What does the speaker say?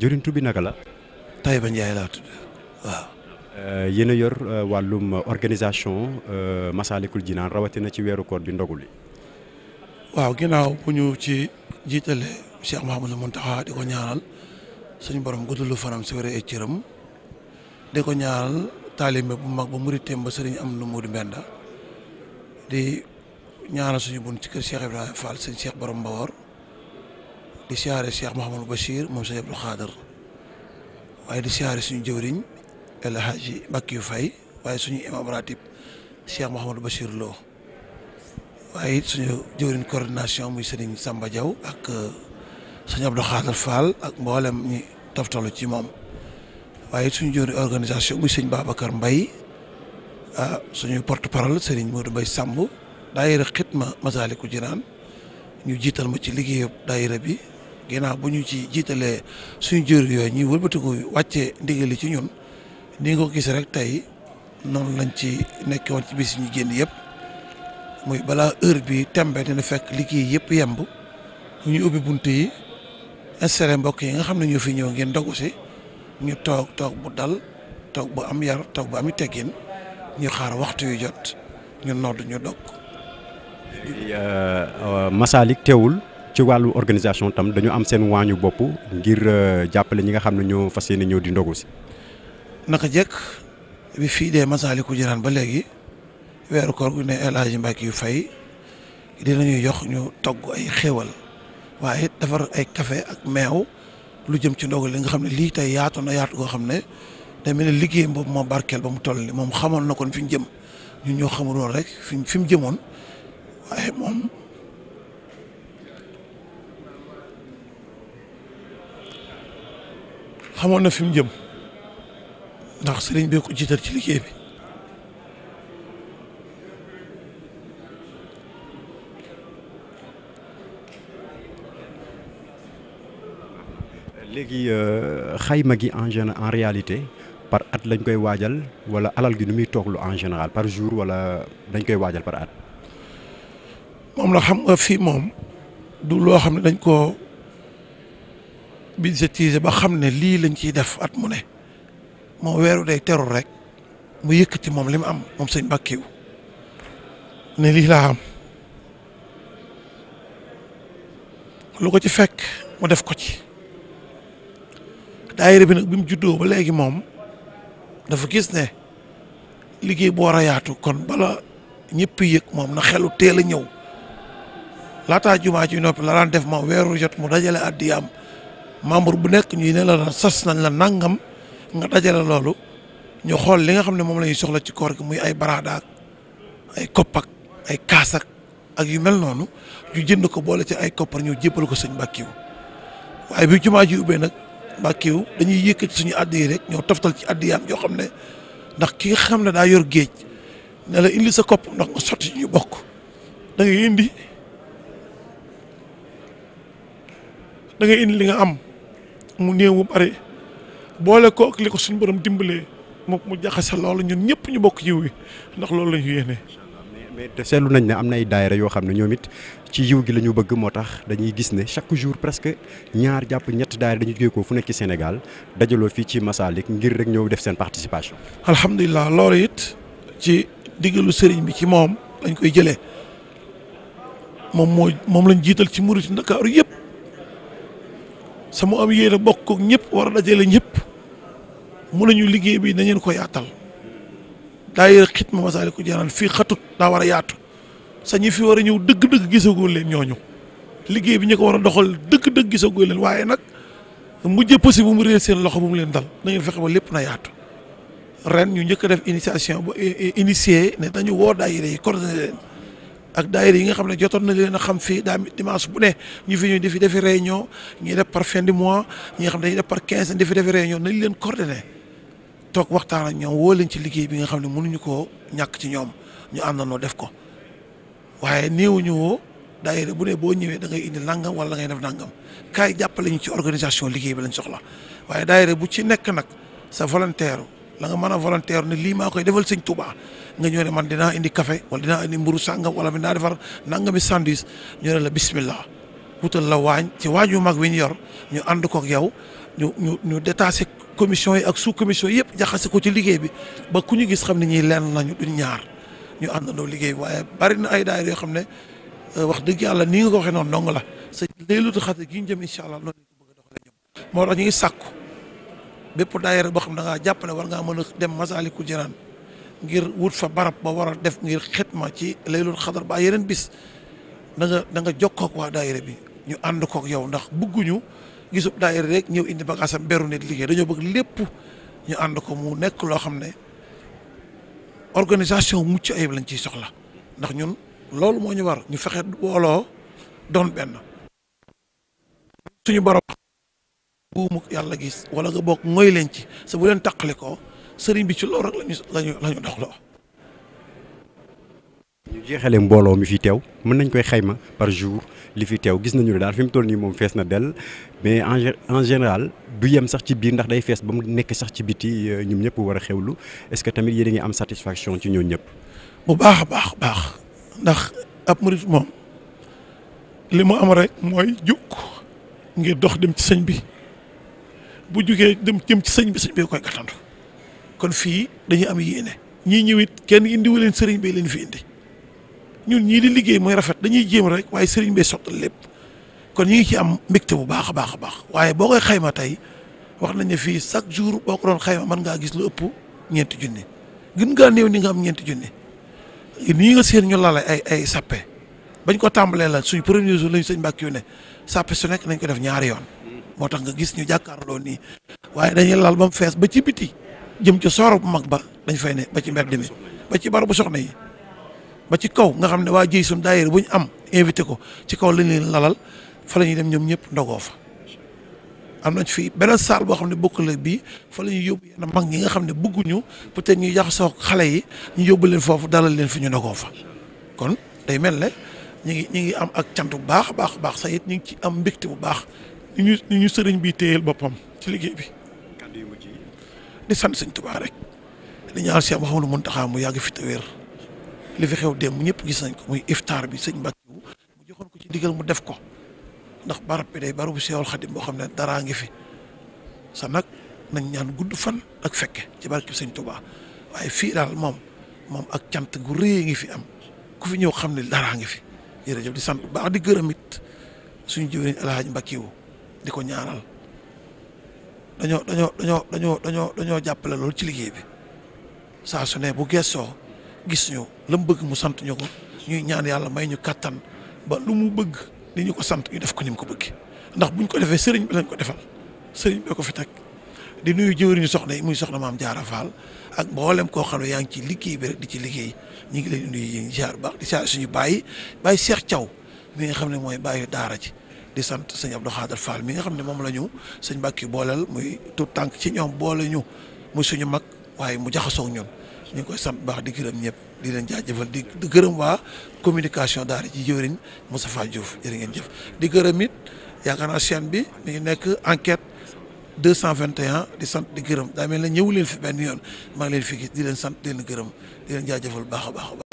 jëriñ tur bi naka la. Taïba Ndiaye laa tudd waaw. Euh, yéen a yor euh, wàllum organisation euh, Massalikul Jinaan rawatina ci weeru koor bi ndogu li. waaw ginnaaw bu ñu ci jiitalee Cheikh Mahamadou Mountakha di ko ñaanal suñu borom lu fanam si wér ay cëram di ko ñaanal taalibe bu mag ba murit ba sëriñ am lu mu di mbenda di ñaanal suñu bun ci kër Cheikh Ibrahima Fall sëñ Cheikh borom Mbawor. di siyaare Cheikh Mouhamadou Bachir moom sëñ Abdou Khader waaye di siyaare suñu jëwriñ El Hadji Bakkiou Faye waaye suñu imam ratib Cheikh Mouhamadou Bachir Lo waaye it suñu jëwriñ coordination muy sëriñ Samba Diaw ak euh, sëñ Abdou Khader ak mboolem ñi toftalu ci moom waaye it suñu jëwriñ organisation muy sëñ Babacar Mbaye ah suñu porte parole sëriñ Modou Mbaye Samb daayira xitma Masaalikul Jinaan ñu jiital ma ci liggéeyu daayira bi ginnaaw bu ñu ci jiitalee suñu jur yooyu ñuy wëlbatiku wàccee ndigali ci ñun ni ko gis rek tey noonu lañ ci nekk woon ci bis ñu génn yëpp muy balaa heure bi tembe dina fekk liggéey yëpp yemb ñu ubbi bunt yi installé mbokk yi nga xam ne ñoo fi ñëw ngeen dogu si ñu toog toog bu dal toog bu am yar toog bu am teggin ñu xaar waxtu yu jot ñu nodd ñu dog euh, Massalik teewul ci wàllu organisation tam dañu am seen waañu bopp ngir euh, jàppale ñi nga xam ne ñoo fas yéene ñëw di ndogu si. naka jekk bi fii dee Masaalikul Jinaan ba léegi weeru koor gu ne El Hadj Mbacke yu fay dinañu jox ñu togg ay xéewal waaye defar ay kafe ak meew lu jëm ci ndogu li nga xam ne lii tey yaatoon na yaatu goo xam ne day mel ne liggéeyam boobu moo barkeel ba mu toll ni moom xamoon na kon fi ñu jëm ñun ñoo xamuloon rek fi fi mu jëmoon waaye moom. xamoon na fi mu jëm ndax sëriñ bee ko jiital ci liggéey bi léegi euh, xayma gi en gén en réalité par at lañ koy waajal wala alal gi nu muy tooglu en général par jour wala dañ koy waajal par at moom la xam nga fii moom du loo xam ne dañ ko budgétiser ba xam ne lii lañ ciy def at mu ne moom weeru de teru rek mu yëkkati moom li mu am moom sëñ Mbàkke ne lii laa am lu ko ci fekk mu def ko ci daayira bi nag bi mu juddoo ba léegi moom dafa gis ne liggéey bu war a yaatu kon bala ñépp yëg moom na xelu teel a ñëw laataa jumaa ji noppi la daan def moom weeru jot mu dajale addiyaam membre bu nekk ñuy ne la sas nañ la nangam nga dajale loolu ñu xool li nga xam ne moom lañuy soxla ci koor gi muy ay baraadaak ay koppak ay kaasak ak yu mel noonu ñu jënd ko boole ci ay koppar ñu jébbal ko sëñ Mbàkkiw waaye bi jumaa ji ubbee nag Mbàkkiw dañuy yëkkati suñu addi rek ñoo toftal ci addiyaam yoo xam ne ndax ki xam ne daa yor géej ne la indi sa kopp ndax nga sotti ñu bokk da indi da indi li nga am. mu néew mu bari boole ko ak li ko suñu borom dimbalee moom mu jaxase loolu ñun ñëpp ñu bokk yiw yi ndax loolu la ñu yéene. mais te seetlu nañ ne am na ay daayira yoo xam ne ñoom it ci yiw gi la ñu bëgg moo tax dañuy gis ne chaque jour presque ñaar jàpp ñett daayira dañu jógee ko fu nekk ci senegal dajaloo fii ci Massalik ngir rek ñëw def seen participation. alhamdulilah loolu it ci diggalu sëriñ bi ci moom lañ koy jëlee moom moo moom lañ jiital ci murit Ndakaaru yëpp. sama am yéene bokk ko ñëpp war a dajale ñëpp mun nañu liggéey bi nañeen ko yaatal daa yër xitma Masaalikul Jinaan fii xatut daa war a yaatu sa fi war a ñëw dëgg-dëgg gisagoo leen ñooñu liggéey bi ñu ko war a doxal dëgg-dëgg gisagoo leen waaye nag mujj possible bu mu réer seen loxo bu mu leen dal nañu fexe ba lépp na yaatu ren ñu njëkk def initiation ba eh, eh, initié ne dañu woo daayira yi coordonné ak daayira yi nga xam ne jotoon na leen a xam fii daa dimanche bu ne ñu fi ñu di fi defi réunion ñuy def par fin du mois ñi nga xam dañuy def par quinze di fi defi réunion nañ leen toog waxtaan ak woo leen ci liggéey bi nga xam ne mënuñu koo ñàkk ci ñoom ñu àndandoo def ko waaye néewuñu woo daayira bu ne boo ñëwee da ngay indi nangam wala da ngay def nangam kaay jàppale ñu ci organisation liggéey bi lañ soxla waaye daayira bu ci nekk nag sa volontaire la nga man a volontaire ne lii maa koy defal sëñ Touba nga ñëw ne man dinaa indi café wala dinaa indi mburu sàngam wala dinaa defar nangami sandwich ñu ne la bismillah wutal la waañ ci waañ yu mag wi ñu yor ñu ànd ko yow ñu ñu ñu détaché commission yi ak sous commission yëpp jaxase ko ci liggéey bi ba ku ñu gis xam ne ñii lenn lañu duñ ñaar ñu àndandoo liggéey bi waaye bari na ay daayira yoo xam ne euh, wax dëgg yàlla nii nga ko waxee noonu dong la sa léeg-léeg lu jëm incha allah noonu lañ ko bëgg a doxalee ñoom moo tax bépp daayira boo xam ne da ngaa jàpp ne war ngaa mën a dem Masaalikul Jinaan ngir wut fa barab ba war def ngir xitma ci laylul xadar ba yeneen bis da nga da nga jokkoo ak waa daayira bi ñu ànd kook yow ndax bëgguñu gisub daayira rek ñëw indi bagaasam beru nit liggéey dañoo bëgg lépp ñu ànd ko mu nekk loo xam ne organisation mucc ayib lañ ciy soxla ndax ñun loolu moo ñu war ñu fexe booloo doon benn suñu buumu yàlla gis wala nga bokk ngoy leen ci sa bu leen taqali ko sëriñ bi ci loolu rek lañu lañu la ñu doxloo mbooloo mi fi teew mën nañ koy xayma par jour li fi teew gis nañu ne daal fi mu toll nii moom fees na dell mais en général du yem sax ci biir ndax day fees ba mu nekk sax ci biti euh, ñoom ñëpp war a xewlu est-ce que tamit yéen a ngi am satisfaction ci ñooñu ñëpp. bu baax a baax baax ndax ab murit moom li mu am rek mooy jukk ngir dox dem ci sëñ bi. bu jugee dem jëm ci sëñ bi sëñ bi koy gàttandu kon fii dañuy am yéene ñii ñëw it kenn indiwu leen sëriñ bi leen fi indi ñun ñii di liggéey mooy rafet dañuy jéem rek waaye sëriñ bee sottal lépp kon ñi ngi ci am mbégte bu baax a baax a baax waaye boo koy xayma tey wax nañ ne fii chaque jour boo ko doon xayma mën ngaa gis lu ëpp ñeenti junni gën ngaa néew ni nga am ñeenti junni nii nga seen ñu lala ay ay sappe bañ ko tàmbalee la suñ premier jour lañ sëñ mbàkk sappe su nekk nañ ko def ñaari yoon moo tax nga gis ñu jàkkaarloo nii waaye dañuy lal ba mu fees ba ci biti jëm ci sooro bu mag ba dañ fay ne ba ci mbedd mi ba ci bu soxna yi ba ci kaw nga xam ne waa jëy suñ daayira bu ñu am invité ko ci kaw lañ leen lalal fa la ñuy dem ñoom ñëpp ndogoo fa am nañ fi beneen saal boo xam ne bokk la bii fa la ñuy yóbbu yenn mag ñi nga xam ne bëgguñu peut-être ñuy jaxasoo xale yi ñu yóbbu foofu dalal leen fi ñu ndogoo fa kon day mel ne ñu ngi ñu ngi am ak cant bu baax baax baax sa it ñu ngi ci am mbégte bu baax ni ñu sëriñ bi téyel boppam ci liggéey bi di sant sëñ Tuubaa rek di ñaan si Mouhamadou Mountakha mu yàgg fi te wér li fi xew démb ñëpp gis nañ ko muy iftaar bi sëñ Mbàkke mu joxoon ko ci digal mu def ko ndax barab bi day barabu Seexul Xadim boo xam ne daraa ngi fi sa nag nañ ñaan gudd fan ak fekke ci barke sëñ Tuubaa waaye fii daal moom moom ak cant gu rëy ngi fi am ku fi ñëw xam ne daraa ngi fi yére jërëjëf di sant bu baax di gërëm it suñu jëwriñ Alaaji di ko ñaanal dañoo dañoo dañoo dañoo dañoo dañoo jàppale loolu ci liggéey bi saa su ne bu gestoo gis ñu la mu bëgg mu sant ñu ko ñuy ñaan yàlla may ñu kàttan ba lu mu bëgg di ñu ko sant ñu def ko ni mu ko bëgg ndax buñ ko defee sëriñ bi lañ ko defal sëriñ bi ko fi teg di nuyu jëwriñu soxna yi muy soxna maam Jaara Faal ak mboolem koo xam yaa ngi ci liggéey bi rek di ci liggéey ñu ngi leen di nuyu yéen jaar baax di saa suñu bàyyi bàyyi Seex Caw mi xam ne mooy bàyyi daara ji di sant sëñ Abdou Khadre Fall mi nga xam ne moom la ñu sëñ Mbàkke booleel muy tout tànk ci ñoom boole ñu muy suñu mag waaye mu jaxasoo ñun ñu ngi koy sant baax di gërëm ñëpp di leen jaajëfal di di gërëm waa communication daara ji jëwriñ Moustapha Diouf jërë ngeen jëf di gërëm it yaakaar naa chaîne bi mi ngi nekk enquête 221 di sant di gërëm daa mel ne ñëw leen fi benn yoon maa ngi leen fi gis di leen sant di leen gërëm di leen jaajëfal baax a baax